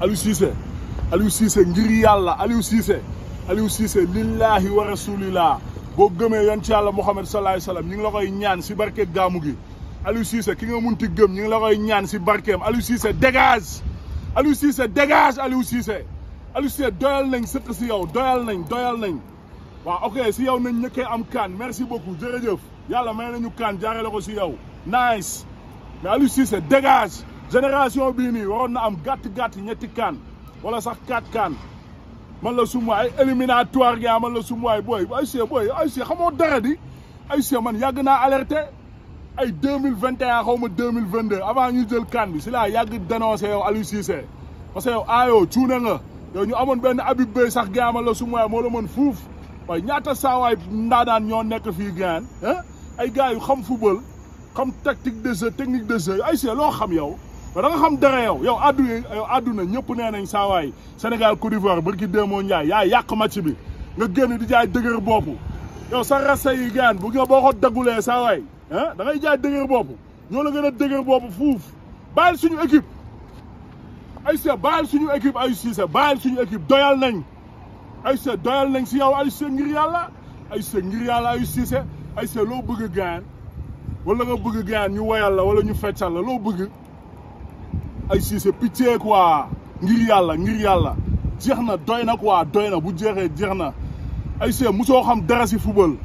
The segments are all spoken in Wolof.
Aliou Cissé Aliou Cissé ngir yàlla alu Cissé Aliou Cissé lillaahi wa rasulillah boo gëmee yan ci yàlla Muhammad salaay salaam ñu ngi la koy ñaan si barke gaamu gi Aliou Cissé ki nga munti gëm ñu ngi la koy ñaan si barkeem Aliou Cissé dégage Aliou Cissé dégage Aliou Cissé Aliou Cissé doyal nañ sëq si yow doyal nañ doyal nañ waaw ok si yow nañ ñëkkee am kaan merci beaucoup jërëjëf yàlla may nañu kaan jaaree la ko si yow nice mais Aliou génération bii nii waroon na am gàtt-gàtt ñetti kaan wala sax quatre kaan man la sum ay éliminatoire gaa man la sum waay booy ay sie booy ay sie xamoo dara di ay sie man yàgg naa alerte ay deux mille vingt et un xaw ma deux mille vingt deux avant ñu jël kaan bi si laa yàgg dénoncé yow Aliou Cissé parce que yow aayoo cuune ñu amoon benn Habib Beye sax gaa man la sum waay moo la mën fuuf waaye ñaata saawaay ndaanaan ñoo nekk fii gi ay gars yu xam football xam tactique de jeu technique de ay sie xam yow mais da nga xam dara yow yow àdduna yow àdduna ñëpp nee nañ saa waay Sénégal Côte d'Ivoire barki Demba Ndiaye yaa yàq match bi nga génn di jaay dëgër boppu yow sa rasta yi gaan bu nga boo ko daggulee saa waay ah da ngay jaay dëgër boppu ñoo la gën a dëgër boppu fuuf bàyyil suñu équipe. Aliou bàyyil suñu équipe Aliou Cissé bàyyil suñu équipe doyal nañ Aliou doyal nañ si yow Aliou Cissé ngir yàlla Aliou ngir yàlla Aliou Cissé Aliou loo bëgg gaan wala nga bëgg gaan ñu woyal la wala ñu feccal la loo bëgg. ay Cissé pitié waa ngir yàlla ngir yàlla jeex na doy na quoi doy na bu jeexee jeex na ay Cissé musoo xam dara si football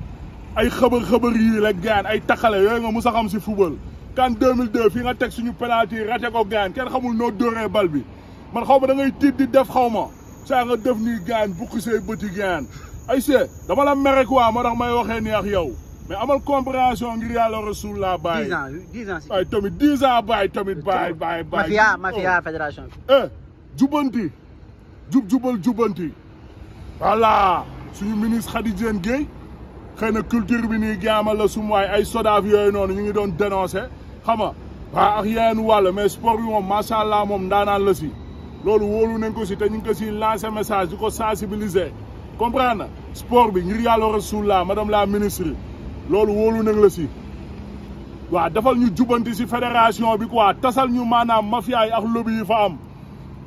ay xëbër xëbër yii la gaan ay taxale yooyu nga musa xam si football kan 2002 fii nga teg suñu penalty raté ko gaan kenn xamul noo dóoree bal bi man xaw ma da ngay di def xaw ma saa nga def nii gaan bukki say bëti gaan ay Cissé dama la mere waa moo tax may waxee nii ak yow mais amal compréhension ngir yàlla rasul laa bàyyi. dix ans dix ans waaye tamit dix ans bàyyi tamit bàyyi bàyyi bàyyi. mafia mafia oh. fédération bi. eh jubanti jubal jubanti voilà suñu ministre Khady Diène Gaye xëy na culture bi nii jaamal la sum waay ay sodaaf yooyu noonu ñu ngi doon dénoncé xam nga a ak yeneen wàll mais sport bi moom macha moom ndaanaan la loolu wóolu nañ ko si te ñu ngi ko si lancé message di ko sensibiliser comprendre na sport bi ngir yàlla rasul laa madame la ministre. loolu wóolu nag la si waa dafal ñu jubanti si fédération bi quoi tasal ñu maanaam mafia yi ak lobby yi fa am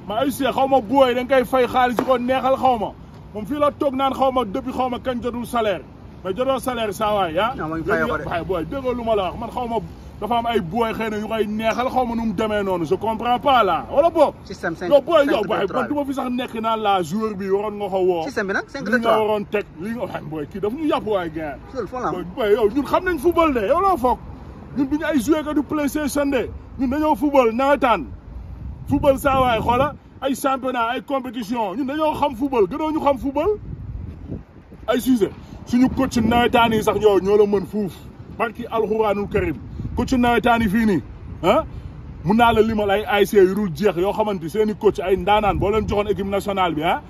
ma ay see xaw ma booy da nga koy fay xaalis ko neexal xaw ma moom fii la toog naan xaw ma depuis xaw ma kañ jotul salaire mais jotoo salaire saa waay ah. waaye booy lu ma la wax man xaw ma dafa am ay booy xëy na yu koy neexal xaw ma nu mu demee noonu je comprends pas là wala boobu. système 5 yow booy yow waaye man du ma fi sax nekk naan la bi waroon nga ko woo. système bi nag 5 de 3 li nga waroon teg li nga waaye booy kii daf booy yow ñun xam nañ football de yow loo foog ñun du ñu ay joueur ka du PlayStation de ñun dañoo football nawetaan football saa waay xoola ay championnat ay compétition ñun dañoo xam football gënoo ñu xam football ay sujet suñu coach nawetaan yi sax ñoo ñoo la mën fuuf barki alxuraanul karim coach nawetaani fii nii ah mun naa la limal ay ASC yu dul jeex yoo xamante seen i coach ay ndaanaan boo leen joxoon équipe nationale bi ah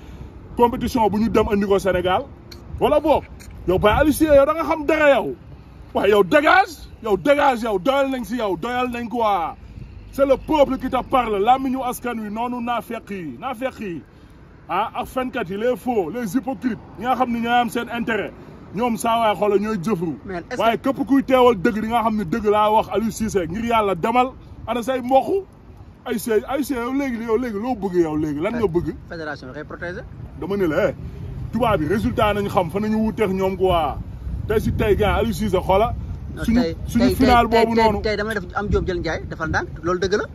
compétition bu ñu dem andi ko Sénégal wala boog yow Baye Aliou Cissé yow da xam dara yow waaye yow dégage yow dégage yow doyal nañ si yow doyal nañ quoi c'est le peuple qui te parle làmmiñu askan wi noonu naa fekk naa fekk a ah ak fenkat yi les faux les hypocrites ñi xam ni ñoo am seen intérêt ñoom saa waay xoolal ñooy jëfru waaye képp kuy teewal dëgg di nga xam ne dëgg laa wax Aliou Cissé ngir yàlla demal ana say mboq ay see ay see yow léegi yow léegi loo bëgg yow léegi lan nga bëgg. fédération ngay protéger. dama ne la eh, tubaab yi résultat nañu xam fa nañu wuteex ñoom quoi tey si tey gars Aliou Cissé xoola. suñu suñu final boobu noonu tey damay def am Diop jël Ndiaye defal ndànk loolu dëgg la.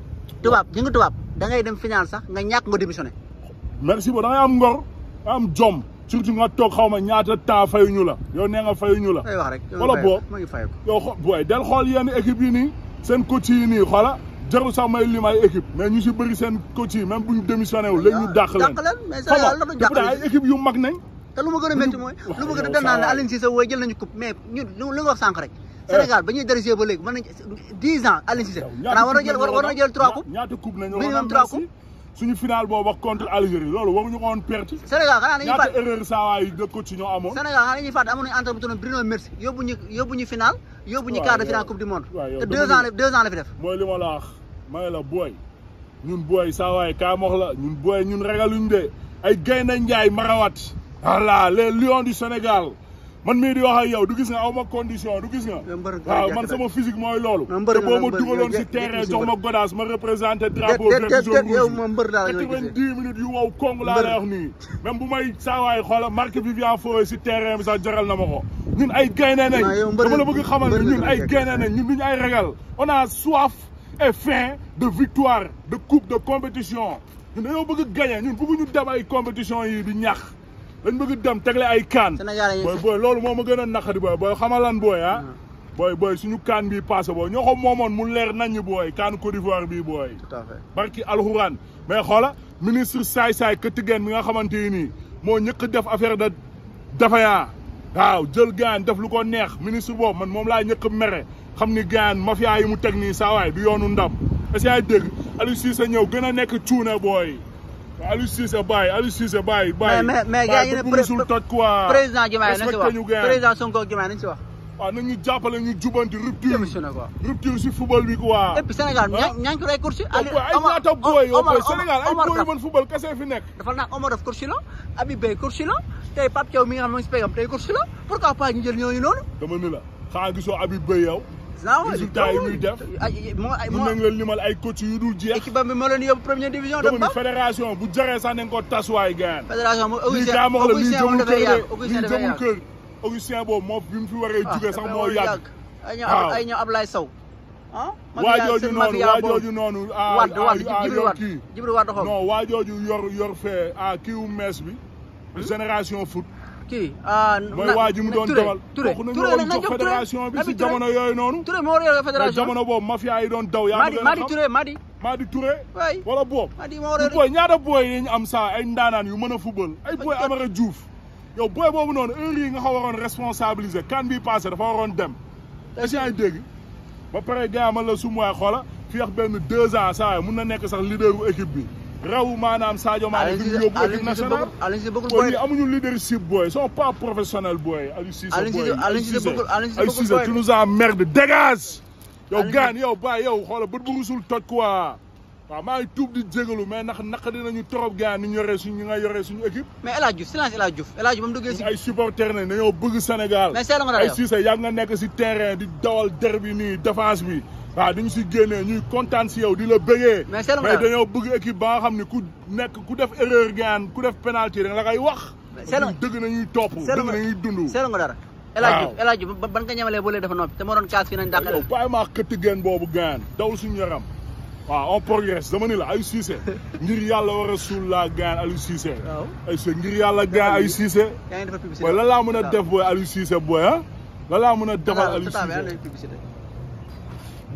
tubaab ñu tubaab da ngay dem final sax nga ñàkk nga démissionné. merci beaucoup da ngay am ngor am jom surtout nga toog xaw ma ñaata temps fayuñu la yow nee nga fayuñu la. wala boo yow xo del xool yenn équipe yi nii seen coach yi nii xoola jarul may lim équipe mais ñu si bëri seen coach yi même bu ñu démissionné ñu ah, dàq leen. dàq leen ay équipe yu mag nañ. te lu ma gën a métti mooy lu ma gën a dem ne Aliou Cissé wooy jël coupe suñu final boobu wax contre Algérie loolu waruñu ko woon perte. Sénégal xanaa dañuy fàtte ñaata erreur saa waay yi dëkk ci ñoo amoon. Sénégal xanaa dañuy fàtte amoon nañu entraîneur bu Bruno Metsu yóbbu ñu yóbbu ñu final. yóbbu ñu quart de coupe du monde. te deux ans la fi def. mooy li ma la wax la booy ñun booy saa waay ñun booy ñun ragaluñ de ay gaynde njaay marawat voilà les lions du Sénégal man mii di wax ak yow du gis nga aw ma condition du gis nga waaw man sama physique mooy loolu te boo ma dugaloon si terrain jox ma godaas ma représenté drapeau vert jaune rouge quatre-vingt-dix minutes yu wow kong laa lay wax nii même bu may saawaay xoola marque Vivian Foé si terrain bi sax jaral na ma ko ñun ay gaynde nañ dama la bëgg xamal ne ñun ay gaynde nañ ñun duñu ay ragal on a soif et faim de victoire de coupe de compétition ñun dañoo bëgg gagné ñun bëgguñu dem ay compétition yi di ñax dañ bëgg dem tegle ay kaan booy booy loolu moo ma gën a naqari booy booy xamalan booy ah hmm. booy booy suñu kaan bii passé booy ñoo ko moomoon mu leer nañ ñu booy kaanu Côte d'Ivoire bii booy barki alxuraan mais xoola ministre saay-saay këttigeen mi nga xamante yi nii moo ñëkk def affaire da dafaya waaw jël gaan def lu ko neex ministre boobu man moom laa ñëkk mere xam ni gaan mafia yi mu teg nii saawaay du yoonu ndam est-ce que yaa dégg Aliou Cissé ñëw gën a nekk cuune booy Aliou Cissé bàyyi Aliou Cissé bàyyi. bàyyi mais mais gars yi ne président Diomaye nañ si wax président Sonko Diomaye nañ si wax. waaw ah, nañ ñu jàppale ñu jubanti rupture. rupture si football bi quoi. et puis Sénégal ñaa ah. ñaa ngi koy course. Ah, Aliou Omar Omar Sénégal ay booy yu mën football kese fi nekk. dafa naan Omar def course la Habib Beye course la tey Pape mi nga xam ne si pegam tey course la pourquoi pas ñu jël ñooñu noonu. résultat yi muy def mu nang la limal ay coach yu dul jeex. équipe bi moo leen yóbbu division. dem ba bu jaree sax nañ ko tas waay gaan. fédération moom Augustin moom moo bi mu fi waree ah, jugee sax moo yàgg. waaw ay ñoom Ablaye Sow. ah mafia mafia waa jooju noonu waa jooju noonu. waat Jibril ah, fee ah kii wu mees bi. Hmm? génération foot. kii. Ah, mooy waa ji mu doon dawal Touré Touré la jox fédération bi si jamono yooyu noonu. Touré moo yor fédération jamono boobu mafia yi doon daw. yaa ngi Madi Touré Madi. Madi Touré. waay wala Boob. yi ñu am saa ay ndaanaan yu man a football ay booy Amara Diouf yow booy boobu noonu heure yi nga xa waroon responsabiliser kan bi passé dafa waroon dem. est-ce que dégg ba pare gars ma la su ma xoola fii ak benn deux ans saa mun na nekk sax leader bu équipe bi raw maanaam Sadio Mané fi mu yóbbu équipe nationale Aliou Cissé bëggul booy amuñu leadership booy sont pas yow gaan yow baay yow xoola bët bu rusul toj quoi waaw maa ngi tuub di jégalu mais ndax naq ni ñu yoree suñu ñi nga yoree suñu équipe mais El Hadj Diouf silence El Hadj Diouf El Hadj ba mu duggee si ay supporter nañ dañoo bëgg Sénégal ay Cissé yaa nga nekk di dawal derbi nii défense bi waaw ah, duñ si génnee ñuy kontaan si yow di la bëggee. mais dañoo bëgg équipe ba nga xam ne ku nekk ku def erreur gaan ku def penalty rek la wax wax. seetlu dëgg nañuy topp dëgg nañuy dund. seetlu nga dara. El Hadj Diouf El Hadj Diouf ban nga ñamalee ba léegi dafa noppi te moo doon kaas fii nañ dàqale. yow bàyyi maa xëtt geen boobu gaan dawul suñu yaram. waaw on progresse dama la ay Cissé ngir yàlla war a suul laa gaan Aliou Cissé. waaw Aliou ngir yàlla gaan Aliou Cissé. yaa ngi defal publicité waaw lan laa mën a def booy Aliou Cissé booy ah. lan laa mën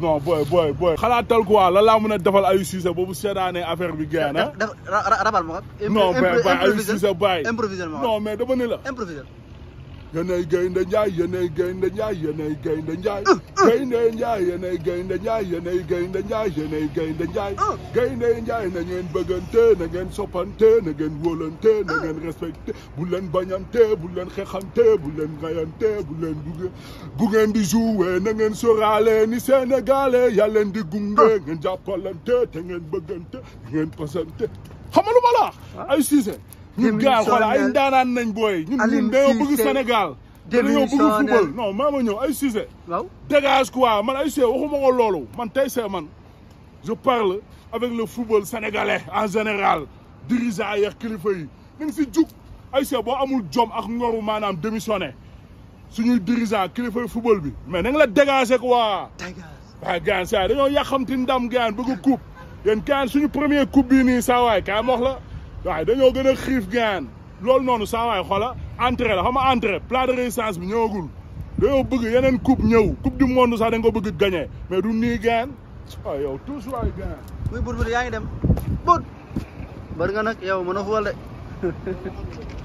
non booy booy booy. xalaatal quoi lan laa mën a defal Aliou Cissé boobu seetaanee affaire bi gën ah? a. rabal ma non mais Aliou Cissé bàyyi. improvisé non la. yéenay gaynde njaay yéenay gaynde njaay yéenay gaynde njaay gaynde njaay yéenay gaynde njaay yéenay gaynde njaay yéenay gaynde njaay gaynde njaay na ngeen bëggante na ngeen soppante na ngeen wóolante na ngeen respecté bu leen bañante bu leen xeexante bu leen rayante bu leen buge bu ngeen di joué na ngeen soraale ni sénégalais yaa leen di gunge ngeen jàppalante te ngeen bëggante ngeen pasante xamalu ma la ay Cissé ñun gaal xoolal ay ndaanaan nañ booy. ñun ñun dañoo bëgg Sénégal. dañoo bëgg football ma ñëw ay Cissé. waaw dégage quoi man ay Cissé waxuma loolu man tey see man je parle avec le football sénégalais en général dirigeant yeeg kilifa yi si jug ay Cissé boo amul jom ak ngoru maanaam démissionné suñuy dirigeant kilifa yi football bi mais nañ la dégagé quoi. dégage waaw gars saa dañoo yàqamti ndam gaan bëgg coupe yéen gaan suñu premier coupe bii nii kaa wax waaye dañoo gën a xiif gaan loolu noonu saa waay xoola entrée la xam nga entrée plat de résistance bi ñëwagul dañoo bëgg yeneen coupe ñëw coupe du monde sax da nga ko bëgg gagné mais du nii gaan waaw ah, yow tous waay gaan muy bur bur yaa ngi dem bur bër nga nag yow mën a xool de